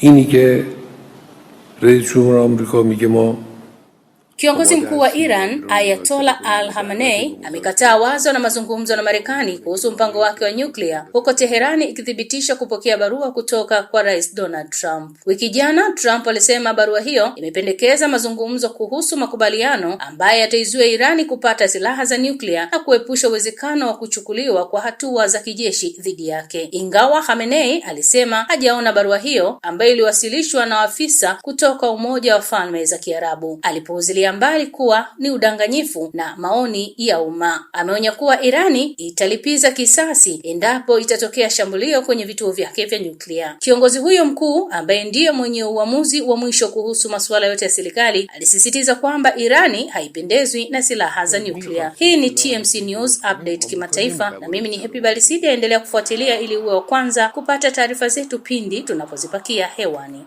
اینی که رئیس جمهور آمریکا میگه ما Kiongozi mkuu wa Iran Ayatollah Al-Khamenei amekataa wazo na mazungumzo na Marekani kuhusu mpango wake wa nyuklia, huko Teherani ikithibitisha kupokea barua kutoka kwa Rais Donald Trump. Wiki jana, Trump alisema barua hiyo imependekeza mazungumzo kuhusu makubaliano ambaye yataizuia Irani kupata silaha za nyuklia na kuepusha uwezekano wa kuchukuliwa kwa hatua za kijeshi dhidi yake. Ingawa Khamenei alisema hajaona barua hiyo ambayo iliwasilishwa na afisa kutoka Umoja wa Falme za Kiarabu. Alipouzilia kutupilia mbali kuwa ni udanganyifu na maoni ya umma. Ameonya kuwa Irani italipiza kisasi endapo itatokea shambulio kwenye vituo vyake vya nyuklia. Kiongozi huyo mkuu ambaye ndiye mwenye uamuzi wa mwisho kuhusu masuala yote ya serikali alisisitiza kwamba Irani haipendezwi na silaha za nyuklia. Hii ni TMC News Update kimataifa, na mimi ni Happy Balisidi. Endelea kufuatilia ili uwe wa kwanza kupata taarifa zetu pindi tunapozipakia hewani.